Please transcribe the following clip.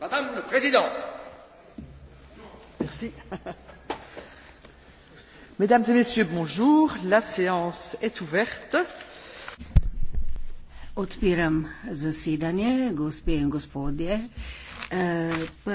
Madame le Président. Merci. Mesdames et Messieurs, bonjour. La séance est ouverte. Odpiram zasedanje, gospe in gospodje. Eh,